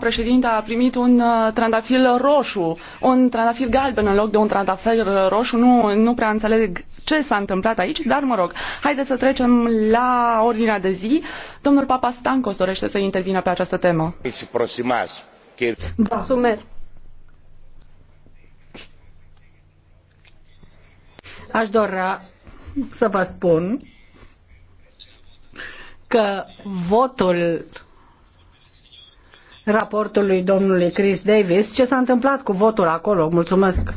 președinte a primit un uh, trandafir roșu, un trandafir galben în loc de un trandafir uh, roșu. Nu, nu prea înțeleg ce s-a întâmplat aici, dar mă rog, haideți să trecem la ordinea de zi. Domnul Papa Stancos dorește să intervină pe această temă. Da. Mulțumesc. Aș dori să vă spun că votul raportului domnului Chris Davis. Ce s-a întâmplat cu votul acolo? Mulțumesc!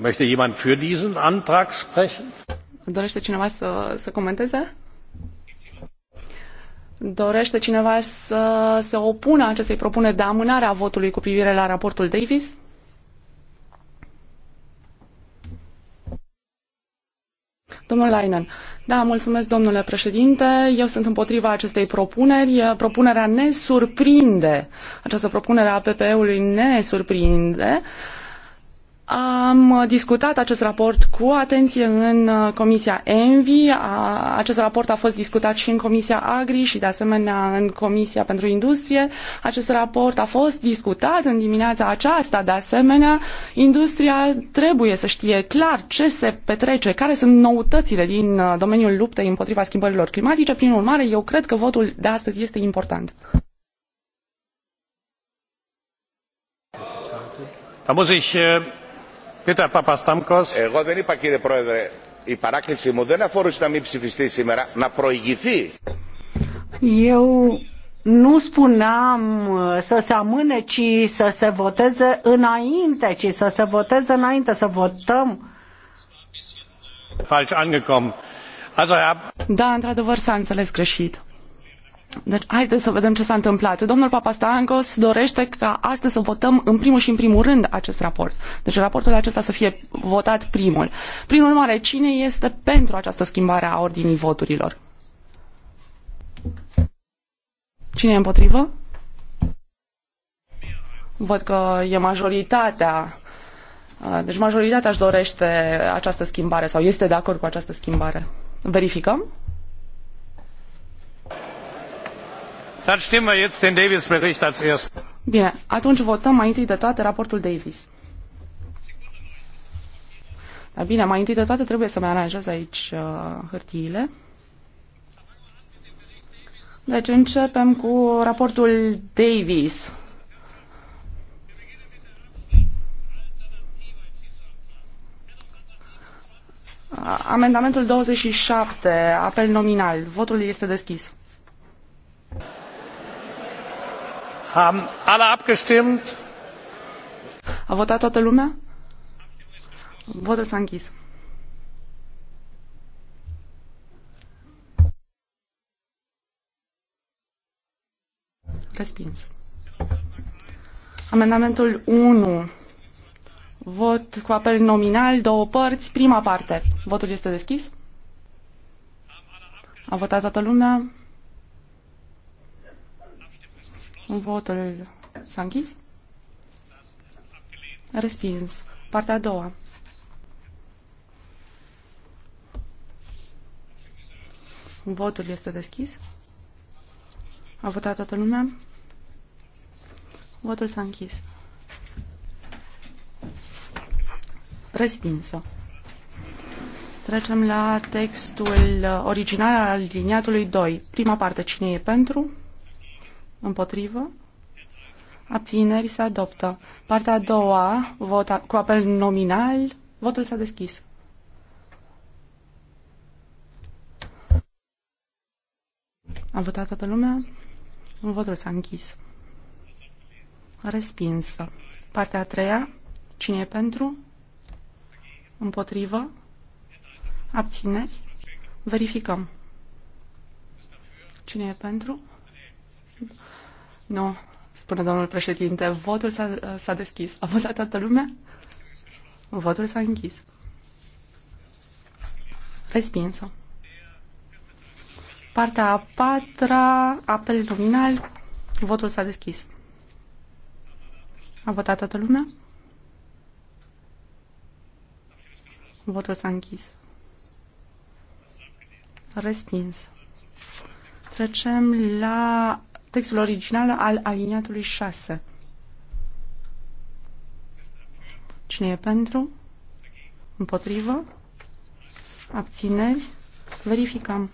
Möchte jemand für diesen Antrag sprechen? Dorește cineva să, să comenteze? Dorește cineva să se opună acestei propuneri de amânare a votului cu privire la raportul Davis? Domnul Leinen, da, mulțumesc, domnule președinte. Eu sunt împotriva acestei propuneri. Propunerea ne surprinde. Această propunere a PPE-ului ne surprinde. Uh, am discutat acest raport cu atenție în Comisia ENVI. Acest raport a fost discutat și în Comisia Agri și de asemenea în Comisia pentru Industrie. Acest raport a fost discutat în dimineața aceasta. De asemenea, industria trebuie să știe clar ce se petrece, care sunt noutățile din domeniul luptei împotriva schimbărilor climatice. Prin urmare, eu cred că votul de astăzi este important. Da muss ich εγώ δεν είπα κύριε πρόεδρε η παράκλησή μου δεν αφορούσε να μην ψηφιστεί σήμερα να προηγηθεί. Eu nu spuneam să se amâne, ci să se voteze înainte, ci să se voteze înainte, să votăm. Falsch angekommen. Also, Da, într-adevăr s-a înțeles greșit. Deci, haideți să vedem ce s-a întâmplat. Domnul Papastancos dorește ca astăzi să votăm în primul și în primul rând acest raport. Deci raportul acesta să fie votat primul. Prin urmare, cine este pentru această schimbare a ordinii voturilor? Cine e împotrivă? Văd că e majoritatea. Deci majoritatea își dorește această schimbare sau este de acord cu această schimbare. Verificăm? jetzt den Davis-Bericht als Bine, atunci votăm mai întâi de toate raportul Davis. Dar bine, mai întâi de toate trebuie să-mi aranjez aici uh, hârtiile. Deci începem cu raportul Davis. Amendamentul 27, apel nominal. Votul este deschis. Haben alle abgestimmt? A votat toată lumea? Votul s-a închis. Respins. Amendamentul 1. Vot cu apel nominal, două părți, prima parte. Votul este deschis? A votat toată lumea? Votul s-a închis. Respins. Partea a doua. Votul este deschis. A votat toată lumea. Votul s-a închis. Respinsă. Trecem la textul original al liniatului 2. Prima parte, cine e pentru? Împotrivă? Abțineri se adoptă. Partea a doua, vota, cu apel nominal, votul s-a deschis. A votat toată lumea? Votul s-a închis. Respinsă. Partea a treia, cine e pentru? Împotrivă? Abțineri? Verificăm. Cine e pentru? Nu, spune domnul președinte. Votul s-a deschis. A votat toată lumea? Votul s-a închis. Respinsă. Partea a patra, apel nominal, votul s-a deschis. A votat toată lumea? Votul s-a închis. Respins. Trecem la textul original al aliniatului 6. Cine e pentru? Împotrivă? Abțineri? Verificăm.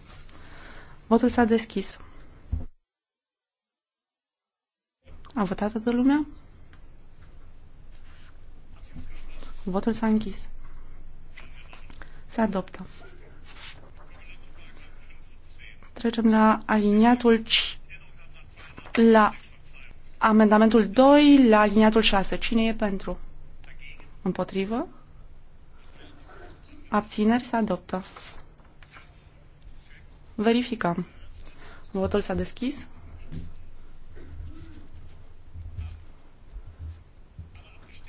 Votul s-a deschis. A votat toată lumea? Votul s-a închis. Se adoptă. Trecem la aliniatul 5. La amendamentul 2, la aliniatul 6. Cine e pentru? Împotrivă? Abțineri se adoptă. Verificăm. Votul s-a deschis.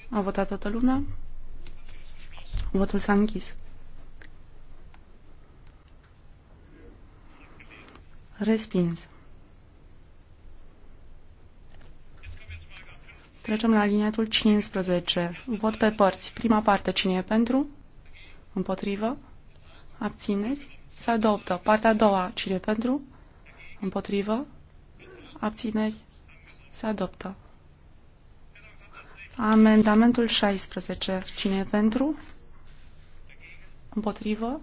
A votat toată lumea. Votul s-a închis. Respins. Trecem la aliniatul 15. Vot pe părți. Prima parte. Cine e pentru? Împotrivă? Abțineri? Se adoptă. Partea a doua. Cine e pentru? Împotrivă? Abțineri? Se adoptă. Amendamentul 16. Cine e pentru? Împotrivă?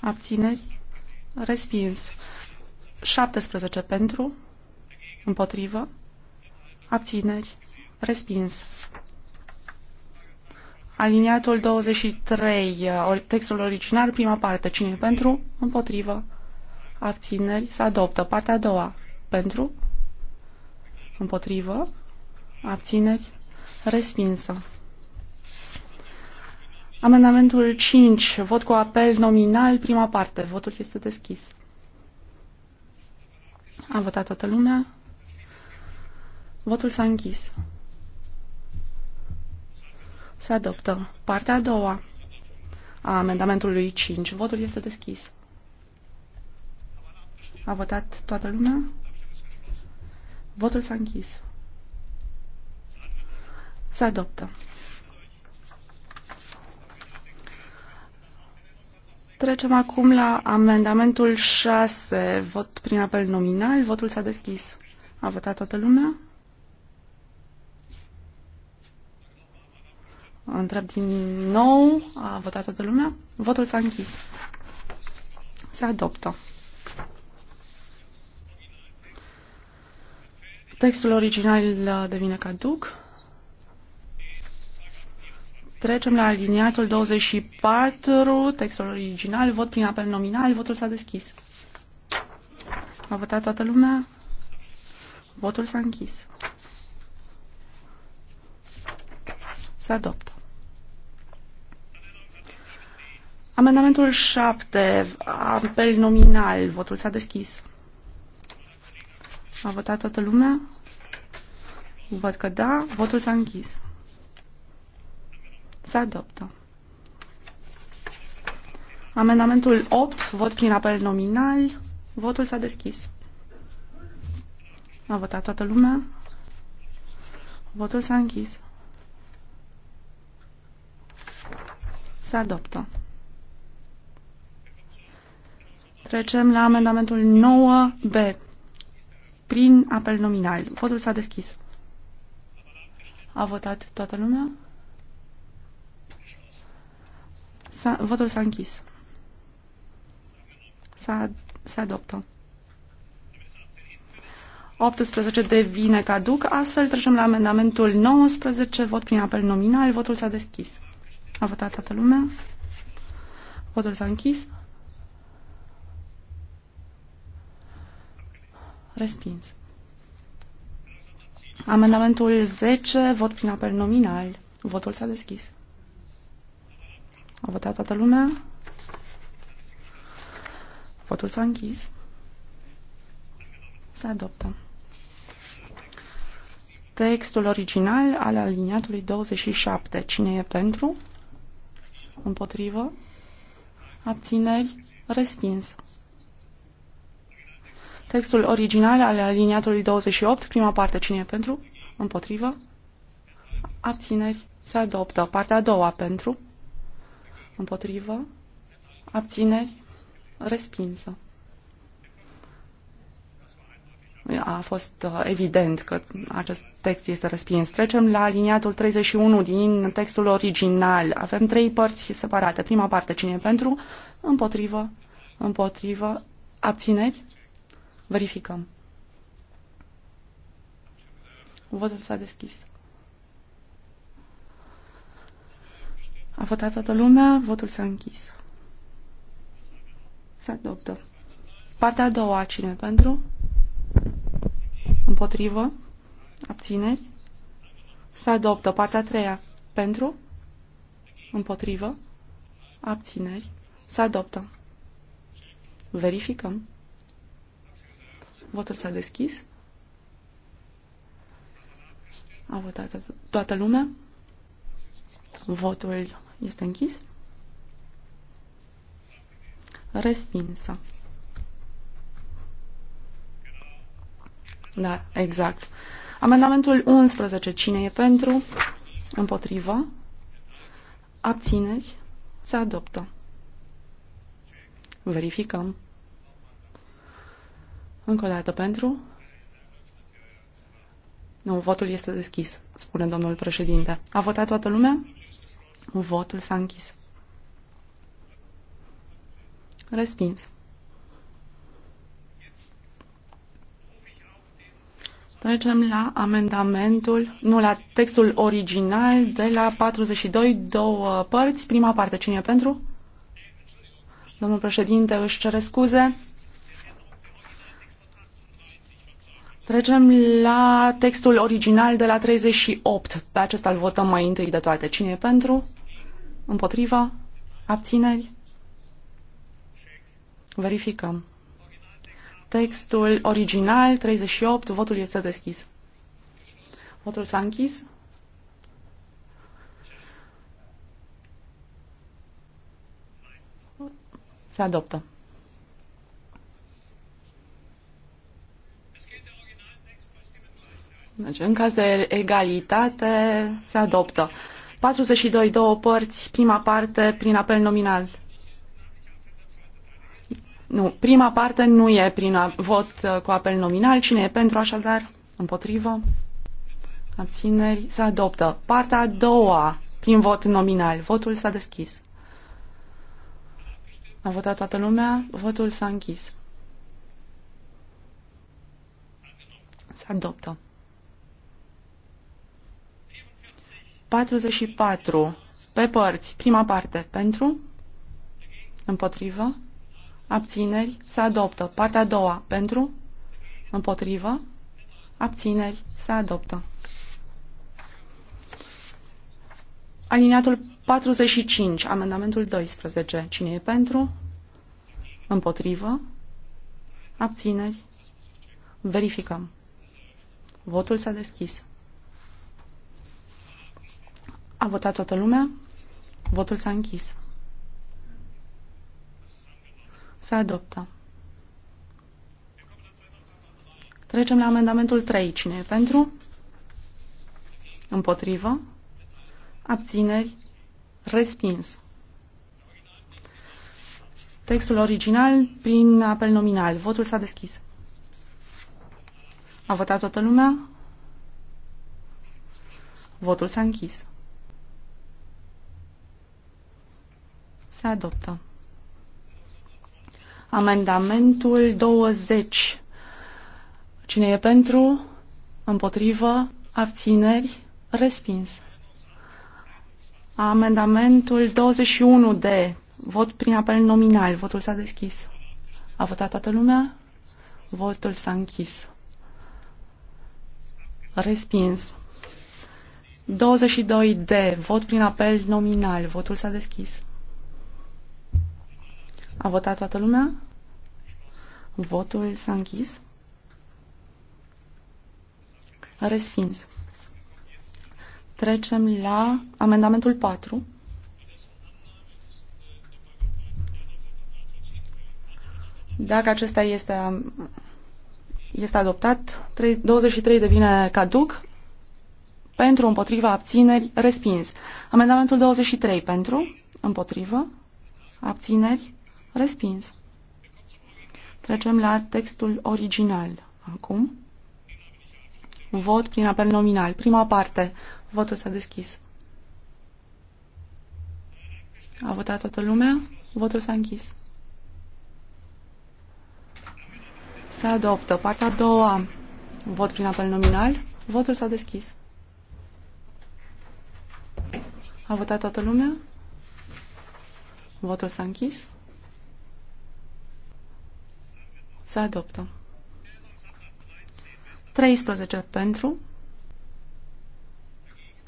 Abțineri? Respins. 17 pentru? Împotrivă? Abțineri? Respins. Aliniatul 23, uh, textul original, prima parte. Cine pentru? Împotrivă. Abțineri. Se adoptă. Partea a doua. Pentru? Împotrivă. Abțineri. Respinsă. Amendamentul 5. Vot cu apel nominal, prima parte. Votul este deschis. A votat toată lumea. Votul s-a închis. Se adoptă. Partea a doua a amendamentului 5. Votul este deschis. A votat toată lumea? Votul s-a închis. Se adoptă. Trecem acum la amendamentul 6. Vot prin apel nominal. Votul s-a deschis. A votat toată lumea? Întreb din nou. A votat toată lumea? Votul s-a închis. Se adoptă. Textul original uh, devine caduc. Trecem la aliniatul 24, textul original, vot prin apel nominal, votul s-a deschis. A votat toată lumea? Votul s-a închis. Se adoptă. Amendamentul 7, apel nominal, votul s-a deschis. A votat toată lumea? Văd că da, votul s-a închis. Se adoptă. Amendamentul 8, vot prin apel nominal, votul s-a deschis. A votat toată lumea? Votul s-a închis. Se adoptă. Trecem la amendamentul 9B. Prin apel nominal. Votul s-a deschis. A votat toată lumea? S-a, votul s-a închis. S-a, se adoptă. 18 devine caduc, astfel trecem la amendamentul 19, vot prin apel nominal, votul s-a deschis. A votat toată lumea, votul s-a închis, Respins. Amendamentul 10, vot prin apel nominal. Votul s-a deschis. A votat toată lumea. Votul s-a închis. Se adoptă. Textul original al aliniatului 27. Cine e pentru? Împotrivă? Abțineri? Respins. Textul original al aliniatului 28, prima parte, cine e pentru? Împotrivă? Abțineri? Se adoptă. Partea a doua, pentru? Împotrivă? Abțineri? Respinsă. A fost uh, evident că acest text este respins. Trecem la aliniatul 31 din textul original. Avem trei părți separate. Prima parte, cine e pentru? Împotrivă? Împotrivă? Abțineri? Verificăm. Votul s-a deschis. A votat toată lumea, votul s-a închis. Se adoptă. Partea a doua, cine pentru? Împotrivă? Abțineri? Se adoptă. Partea a treia, pentru? Împotrivă? Abțineri? Se adoptă. Verificăm. Votul s-a deschis. A votat toată lumea. Votul este închis. Respinsă. Da, exact. Amendamentul 11. Cine e pentru? Împotrivă? Abțineri? Se adoptă. Verificăm. Încă o dată pentru. Nu, votul este deschis, spune domnul președinte. A votat toată lumea? Votul s-a închis. Respins. Trecem la amendamentul, nu la textul original de la 42, două părți. Prima parte, cine e pentru? Domnul președinte își cere scuze. Trecem la textul original de la 38. Pe acesta îl votăm mai întâi de toate. Cine e pentru? Împotriva? Abțineri? Verificăm. Textul original 38. Votul este deschis. Votul s-a închis. Se adoptă. Deci, în caz de egalitate, se adoptă. 42, două părți, prima parte, prin apel nominal. Nu, prima parte nu e prin vot uh, cu apel nominal. Cine e pentru așadar? Împotrivă? Abțineri? Se adoptă. Partea a doua, prin vot nominal. Votul s-a deschis. A votat toată lumea, votul s-a închis. Se adoptă. 44. Pe părți. Prima parte. Pentru. Împotrivă. Abțineri. Se adoptă. Partea a doua. Pentru. Împotrivă. Abțineri. Se adoptă. Alineatul 45. Amendamentul 12. Cine e pentru? Împotrivă. Abțineri. Verificăm. Votul s-a deschis. A votat toată lumea? Votul s-a închis. Se adoptă. Trecem la amendamentul 3. Cine e pentru? Împotrivă? Abțineri? Respins. Textul original prin apel nominal. Votul s-a deschis. A votat toată lumea? Votul s-a închis. Se adoptă. Amendamentul 20. Cine e pentru? Împotrivă? Abțineri? Respins. Amendamentul 21 de vot prin apel nominal. Votul s-a deschis. A votat toată lumea? Votul s-a închis. Respins. 22 de vot prin apel nominal. Votul s-a deschis. A votat toată lumea? Votul s-a închis. Respins. Trecem la amendamentul 4. Dacă acesta este, este adoptat, 23 devine caduc, pentru, împotriva, abțineri, respins. Amendamentul 23 pentru, împotrivă, abțineri, Respins. Trecem la textul original. Acum. Vot prin apel nominal. Prima parte. Votul s-a deschis. A votat toată lumea? Votul s-a închis. Se adoptă. Partea a doua. Vot prin apel nominal. Votul s-a deschis. A votat toată lumea? Votul s-a închis. Se adoptă. 13 pentru,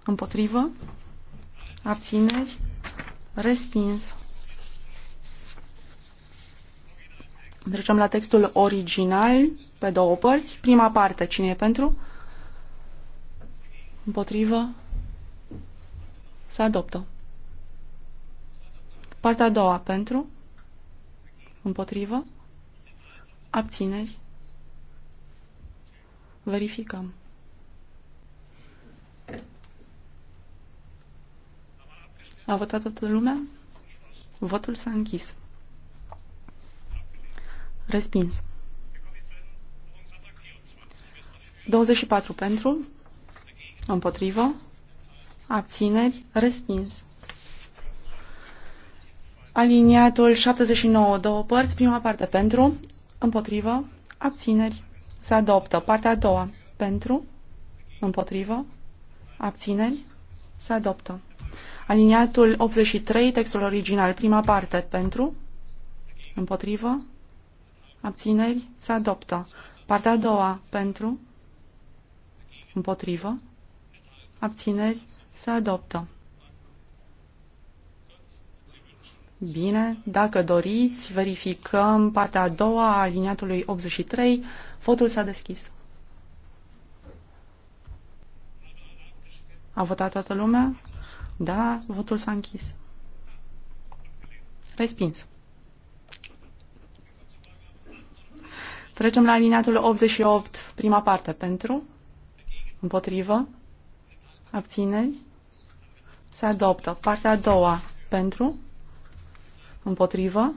împotrivă, abțineri, respins. Trecem la textul original, pe două părți. Prima parte, cine e pentru? Împotrivă, se adoptă. Partea a doua, pentru, împotrivă, Abțineri. Verificăm. A votat toată lumea? Votul s-a închis. Respins. 24 pentru, împotrivă, abțineri, respins. Aliniatul 79, două părți, prima parte pentru, Împotrivă. Abțineri. Se adoptă. Partea a doua. Pentru. Împotrivă. Abțineri. Se adoptă. Aliniatul 83, textul original, prima parte. Pentru. Împotrivă. Abțineri. Se adoptă. Partea a doua. Pentru. Împotrivă. Abțineri. Se adoptă. Bine, dacă doriți, verificăm partea a doua a aliniatului 83. Votul s-a deschis. A votat toată lumea? Da, votul s-a închis. Respins. Trecem la aliniatul 88, prima parte. Pentru? Împotrivă? Abțineri? Se adoptă. Partea a doua. Pentru? Împotrivă.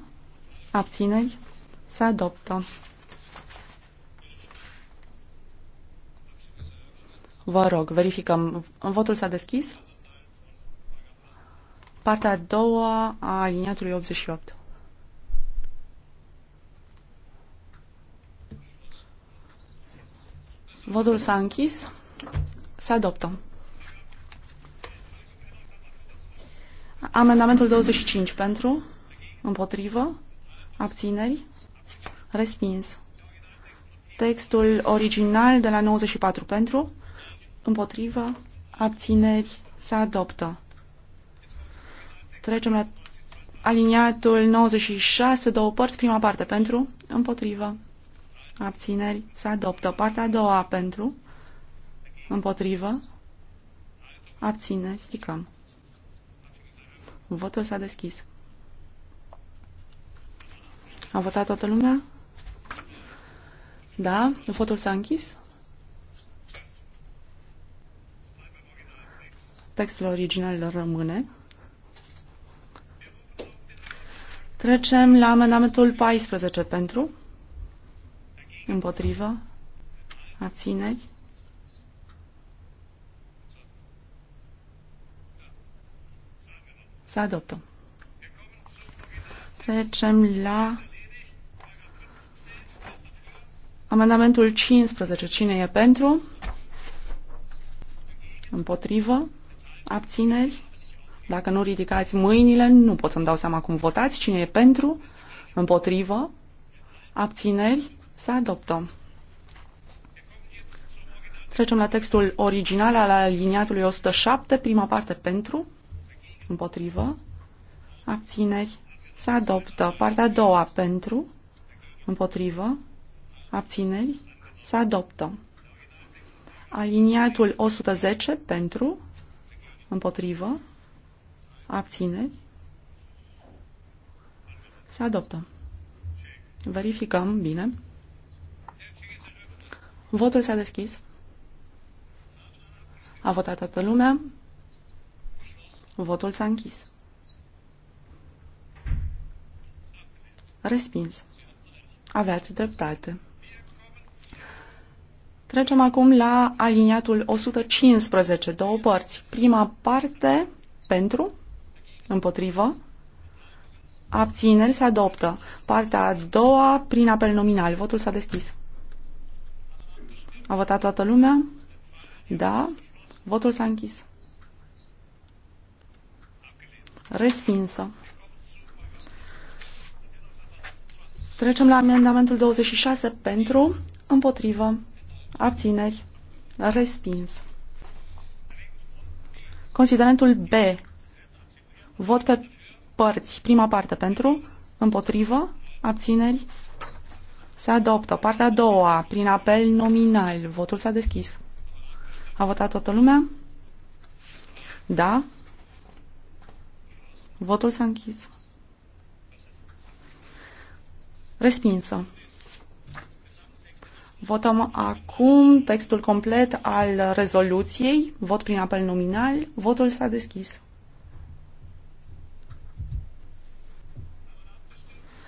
Abțineri. Se adoptă. Vă rog, verificăm. Votul s-a deschis? Partea a doua a aliniatului 88. Votul s-a închis. Se adoptă. Amendamentul 25 pentru, Împotrivă? Abțineri? Respins. Textul original de la 94 pentru? Împotrivă? Abțineri? Se adoptă. Trecem la aliniatul 96, două părți, prima parte pentru? Împotrivă. Abțineri? Se adoptă. Partea a doua pentru? Împotrivă? Abțineri? Ficăm. Votul s-a deschis. A votat toată lumea? Da? Votul s-a închis? Textul original rămâne. Trecem la amendamentul 14 pentru. Împotrivă. Abțineri. Se adoptă. Trecem la Amendamentul 15. Cine e pentru? Împotrivă? Abțineri? Dacă nu ridicați mâinile, nu pot să-mi dau seama cum votați. Cine e pentru? Împotrivă? Abțineri? Se adoptă. Trecem la textul original al aliniatului 107, prima parte pentru, împotrivă, abțineri, se adoptă. Partea a doua pentru, împotrivă, abțineri, se adoptă. Aliniatul 110 pentru, împotrivă, abțineri, se adoptă. Verificăm, bine. Votul s-a deschis. A votat toată lumea. Votul s-a închis. Respins. Aveați dreptate. Trecem acum la aliniatul 115, două părți. Prima parte pentru, împotrivă, abțineri se adoptă. Partea a doua prin apel nominal. Votul s-a deschis. A votat toată lumea? Da. Votul s-a închis. Respinsă. Trecem la amendamentul 26 pentru, împotrivă, Abțineri. Respins. Considerentul B. Vot pe părți. Prima parte pentru, împotrivă, abțineri. Se adoptă. Partea a doua, prin apel nominal. Votul s-a deschis. A votat toată lumea? Da. Votul s-a închis. Respinsă. Votăm acum textul complet al rezoluției. Vot prin apel nominal. Votul s-a deschis.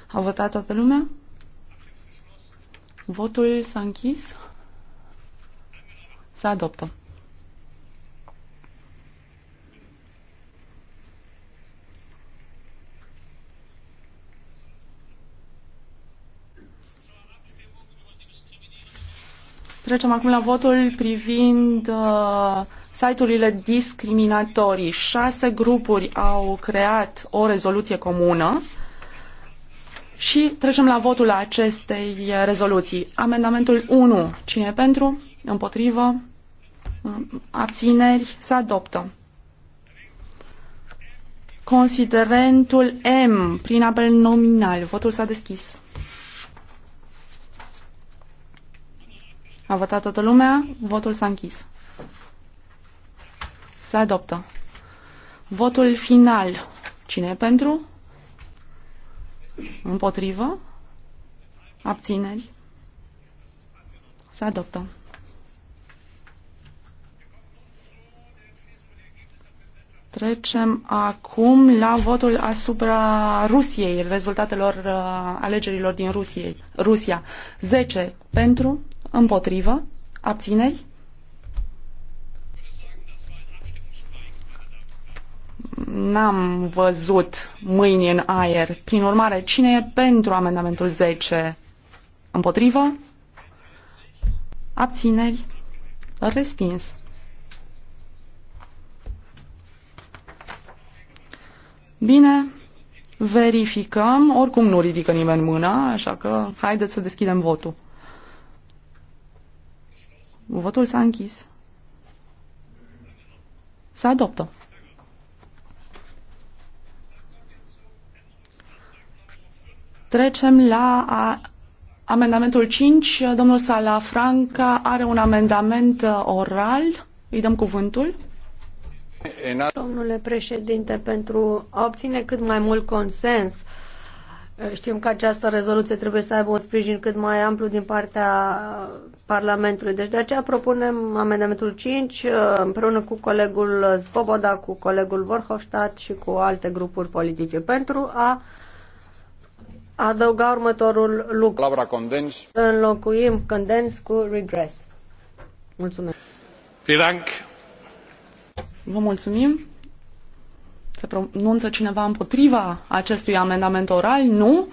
A votat toată lumea? Votul s-a închis? Se adoptă. Trecem acum la votul privind uh, site-urile discriminatorii. Șase grupuri au creat o rezoluție comună și trecem la votul acestei rezoluții. Amendamentul 1. Cine e pentru? Împotrivă? Abțineri? Se adoptă. Considerentul M prin apel nominal. Votul s-a deschis. A votat toată lumea, votul s-a închis. Se adoptă. Votul final. Cine e pentru? Împotrivă? Abțineri? Se adoptă. Trecem acum la votul asupra Rusiei, rezultatelor uh, alegerilor din Rusiei, Rusia. 10 pentru, Împotrivă? Abțineri? N-am văzut mâini în aer. Prin urmare, cine e pentru amendamentul 10? Împotrivă? Abțineri? Respins. Bine, verificăm. Oricum nu ridică nimeni mâna, așa că haideți să deschidem votul. Votul s-a închis. Se adoptă. Trecem la a, amendamentul 5. Domnul Sala Franca are un amendament uh, oral. Îi dăm cuvântul. Domnule președinte, pentru a obține cât mai mult consens Știm că această rezoluție trebuie să aibă un sprijin cât mai amplu din partea uh, Parlamentului. Deci de aceea propunem amendamentul 5 uh, împreună cu colegul Svoboda, cu colegul Vorhofstadt și cu alte grupuri politice pentru a adăuga următorul lucru. Laura Condens. Înlocuim condens cu regress. Mulțumesc. Vă mulțumim. Se pronunță cineva împotriva acestui amendament oral? Nu.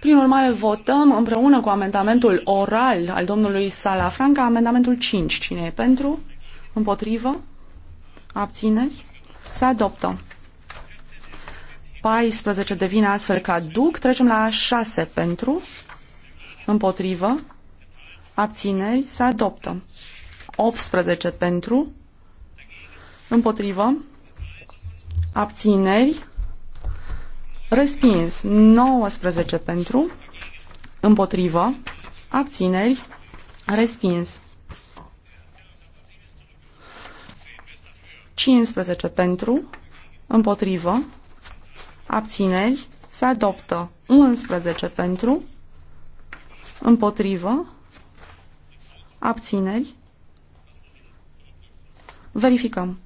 Prin urmare, votăm împreună cu amendamentul oral al domnului Salafranca, amendamentul 5. Cine e pentru? Împotrivă? Abțineri? Se adoptă. 14 devine astfel duc. Trecem la 6 pentru. Împotrivă? Abțineri? Se adoptă. 18 pentru. Împotrivă? abțineri, respins 19 pentru, împotrivă, abțineri, respins 15 pentru, împotrivă, abțineri, se adoptă 11 pentru, împotrivă, abțineri, verificăm.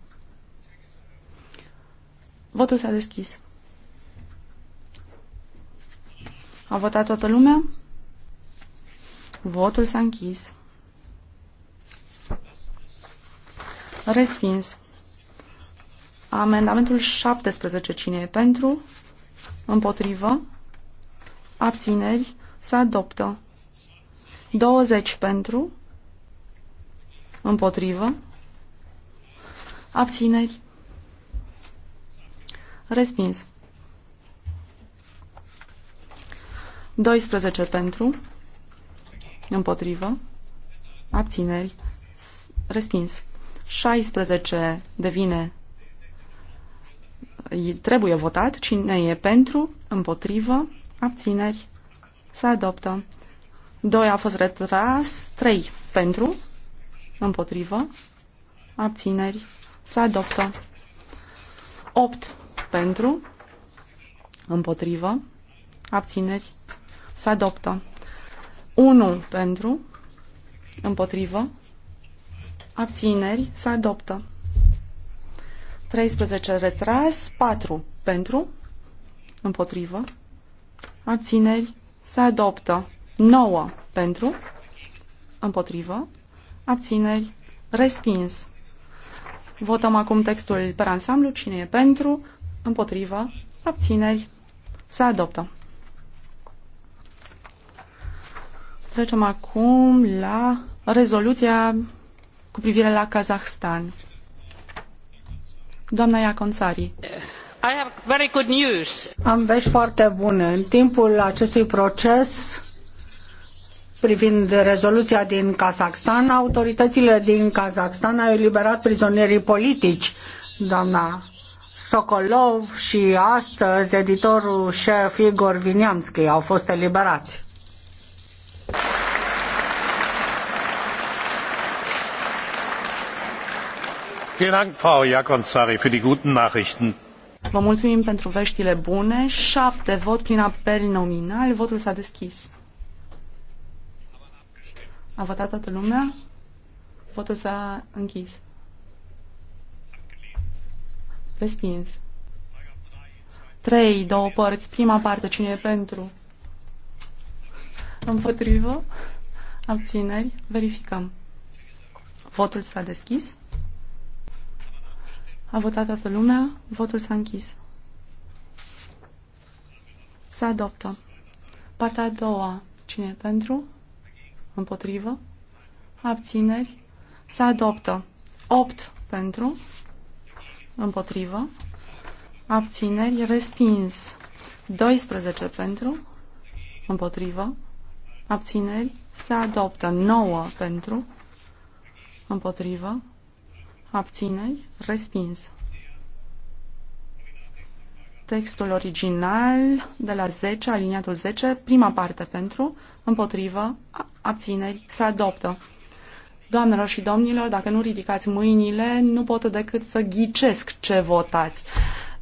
Votul s-a deschis. A votat toată lumea? Votul s-a închis. Respins. Amendamentul 17. Cine e pentru? Împotrivă? Abțineri? Se adoptă. 20 pentru? Împotrivă? Abțineri? Respins. 12 pentru. Împotrivă. Abțineri. Respins. 16 devine trebuie votat. Cine e pentru, împotrivă, abțineri, se adoptă. 2 a fost retras, 3 pentru, împotrivă, abțineri, se adoptă. 8 pentru, împotrivă, abțineri, se adoptă. 1 pentru, împotrivă, abțineri, se adoptă. 13 retras, 4 pentru, împotrivă, abțineri, se adoptă. 9 pentru, împotrivă, abțineri, respins. Votăm acum textul per ansamblu, cine e pentru, Împotrivă. Abțineri. Se adoptă. Trecem acum la rezoluția cu privire la Kazahstan. Doamna Iaconțari. I have very good news. Am vești foarte bune. În timpul acestui proces privind rezoluția din Kazakhstan, autoritățile din Kazakhstan au eliberat prizonierii politici. Doamna Sokolov și astăzi editorul șef Igor Vinianski au fost eliberați. Vă mulțumim pentru veștile bune. Șapte vot prin apel nominal. Votul s-a deschis. A votat toată lumea? Votul s-a închis. Respins. Trei, două părți. Prima parte, cine e pentru? Împotrivă? Abțineri? Verificăm. Votul s-a deschis. A votat toată lumea. Votul s-a închis. Se adoptă. Partea a doua. Cine e pentru? Împotrivă? Abțineri? Se adoptă. 8 pentru. Împotrivă. Abțineri. Respins. 12 pentru. Împotrivă. Abțineri. Se adoptă. 9 pentru. Împotrivă. Abțineri. Respins. Textul original de la 10, aliniatul 10, prima parte pentru, împotrivă, abțineri, se adoptă. Doamnelor și domnilor, dacă nu ridicați mâinile, nu pot decât să ghicesc ce votați.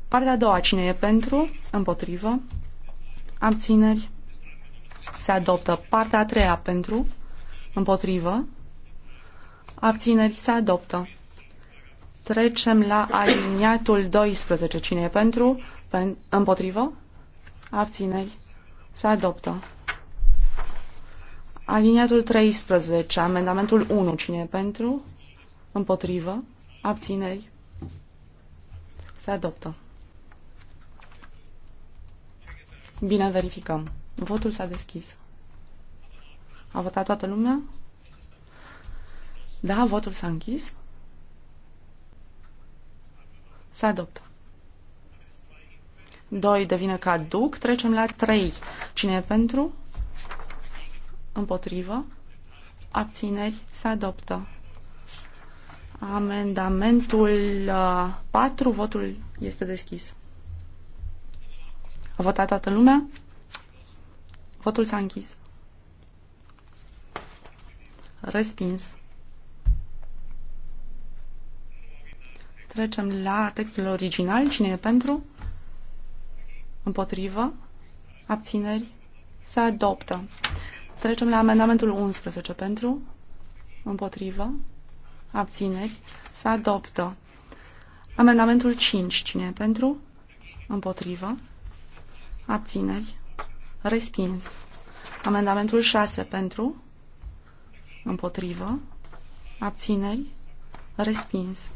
Partea a doua, cine e pentru? Împotrivă. Abțineri. Se adoptă. Partea a treia, pentru? Împotrivă. Abțineri. Se adoptă. Trecem la aliniatul 12. Cine e pentru? Pen- împotrivă? Abțineri. Se adoptă. Aliniatul 13, amendamentul 1, cine e pentru? Împotrivă? Abțineri? Se adoptă. Bine, verificăm. Votul s-a deschis. A votat toată lumea? Da, votul s-a închis. Se adoptă. 2 devine caduc. Trecem la 3. Cine e pentru? Împotrivă. Abțineri. Se adoptă. Amendamentul 4. Uh, Votul este deschis. A votat toată lumea? Votul s-a închis. Respins. Trecem la textul original. Cine e pentru? Împotrivă? Abțineri? Se adoptă. Trecem la amendamentul 11 pentru, împotrivă, abțineri, se adoptă. Amendamentul 5, cine e pentru, împotrivă, abțineri, respins. Amendamentul 6 pentru, împotrivă, abțineri, respins.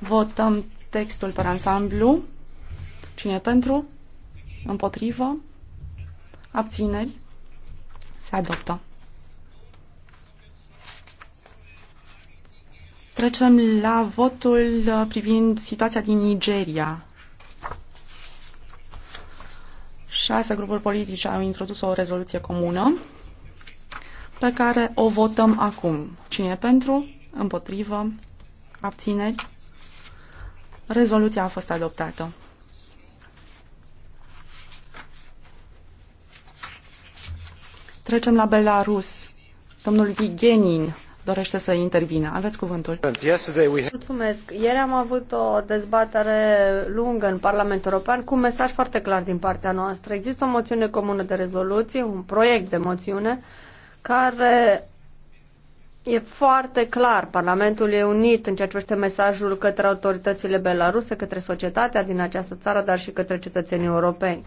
Votăm textul pe ansamblu. Cine e pentru? Împotrivă? Abțineri? Se adoptă. Trecem la votul uh, privind situația din Nigeria. Șase grupuri politice au introdus o rezoluție comună pe care o votăm acum. Cine e pentru? Împotrivă? Abțineri? Rezoluția a fost adoptată. Trecem la Belarus. Domnul Vigenin dorește să intervină. Aveți cuvântul. Mulțumesc. Ieri am avut o dezbatere lungă în Parlamentul European cu un mesaj foarte clar din partea noastră. Există o moțiune comună de rezoluție, un proiect de moțiune care e foarte clar. Parlamentul e unit în ceea ce privește mesajul către autoritățile belaruse, către societatea din această țară, dar și către cetățenii europeni.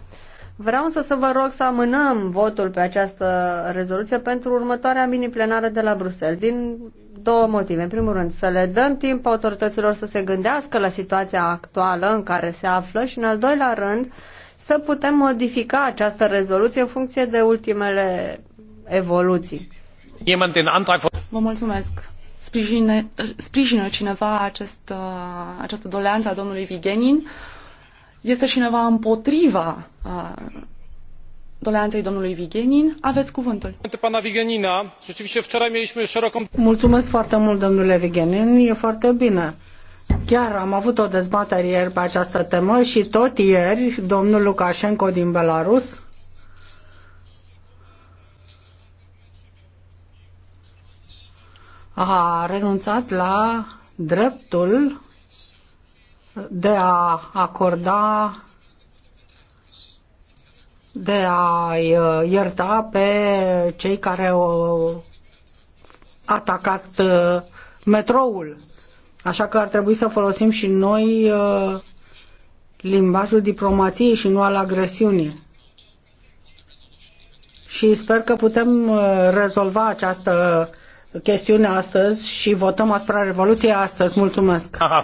Vreau să, să vă rog să amânăm votul pe această rezoluție pentru următoarea mini-plenară de la Bruxelles, din două motive. În primul rând, să le dăm timp autorităților să se gândească la situația actuală în care se află și, în al doilea rând, să putem modifica această rezoluție în funcție de ultimele evoluții. Vă mulțumesc. Sprijine, sprijină cineva acest, uh, această doleanță a domnului Vigenin? este cineva împotriva uh, doleanței domnului Vigenin, aveți cuvântul. Pana Vigenina, rzeczywiście wczoraj mieliśmy szeroką... Mulțumesc foarte mult, domnule Vigenin, e foarte bine. Chiar am avut o dezbatere ieri pe această temă și tot ieri domnul Lukashenko din Belarus a renunțat la dreptul de a acorda, de a uh, ierta pe cei care au atacat uh, metroul. Așa că ar trebui să folosim și noi uh, limbajul diplomației și nu al agresiunii. Și sper că putem rezolva această chestiune astăzi și votăm asupra Revoluției astăzi. Mulțumesc! Aha,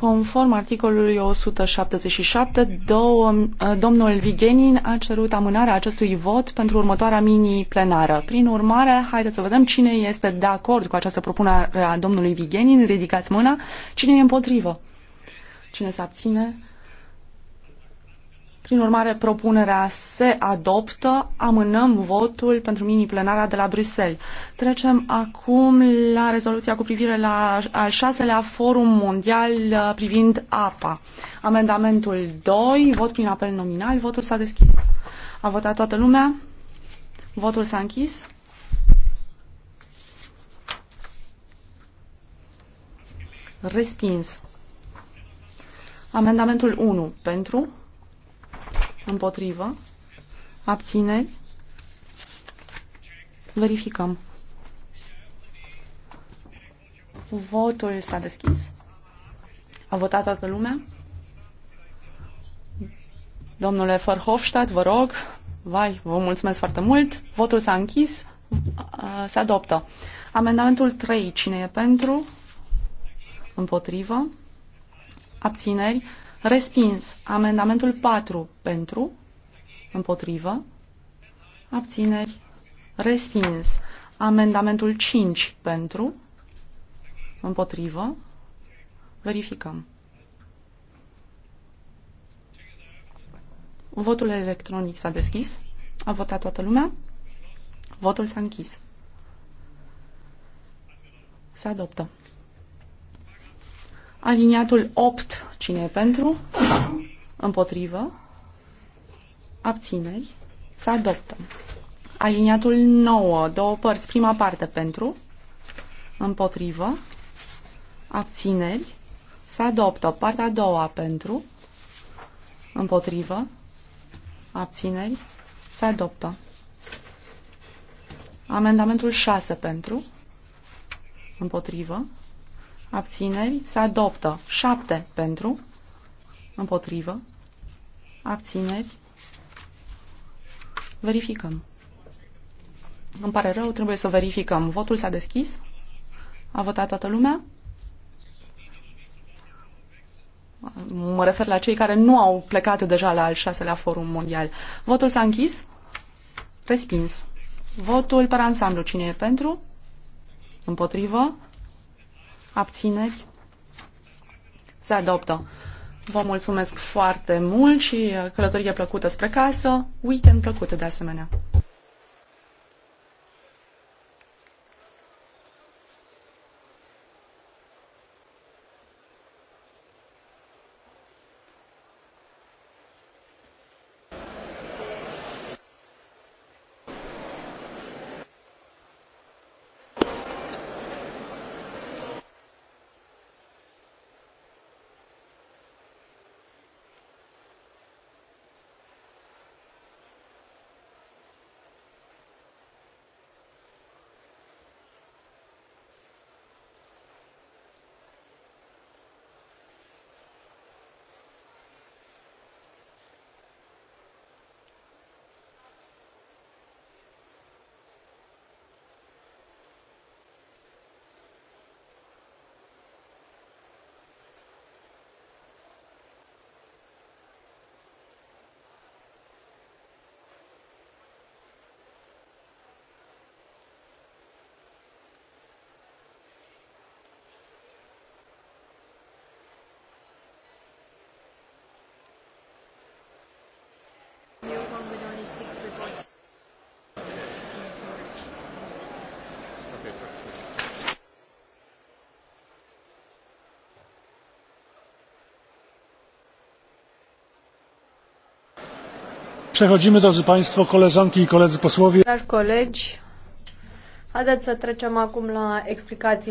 Conform articolului 177, două, uh, domnul Vigenin a cerut amânarea acestui vot pentru următoarea mini-plenară. Prin urmare, haideți să vedem cine este de acord cu această propunere a domnului Vigenin. Ridicați mâna. Cine e împotrivă? Cine se abține? Prin urmare, propunerea se adoptă. Amânăm votul pentru mini-plenara de la Bruxelles. Trecem acum la rezoluția cu privire la al șaselea forum mondial uh, privind apa. Amendamentul 2, vot prin apel nominal, votul s-a deschis. A votat toată lumea? Votul s-a închis? Respins. Amendamentul 1 pentru Împotrivă. Abțineri. Verificăm. Votul s-a deschis. A votat toată lumea. Domnule Verhofstadt, vă rog. Vai, vă mulțumesc foarte mult. Votul s-a închis. Se adoptă. Amendamentul 3. Cine e pentru? Împotrivă? Abțineri? Respins. Amendamentul 4 pentru. Împotrivă. Abțineri. Respins. Amendamentul 5 pentru. Împotrivă. Verificăm. Votul electronic s-a deschis. A votat toată lumea. Votul s-a închis. Se adoptă. Aliniatul 8, cine e pentru? Împotrivă. Abțineri. să adoptă. Aliniatul 9, două părți, prima parte pentru. Împotrivă. Abțineri. să adoptă. Partea a doua pentru. Împotrivă. Abțineri. să adoptă. Amendamentul 6 pentru. Împotrivă abțineri, se adoptă 7 pentru, împotrivă, abțineri, verificăm. Îmi pare rău, trebuie să verificăm. Votul s-a deschis? A votat toată lumea? Mă refer la cei care nu au plecat deja la al șaselea forum mondial. Votul s-a închis? Respins. Votul per ansamblu. Cine e pentru? Împotrivă? Abțineri? Se adoptă. Vă mulțumesc foarte mult și uh, călătorie plăcută spre casă, weekend plăcut de asemenea. Przechodzimy, drodzy Państwo, koleżanki i koledzy posłowie. Dragi colegi, haideți să trecem acum la explicații.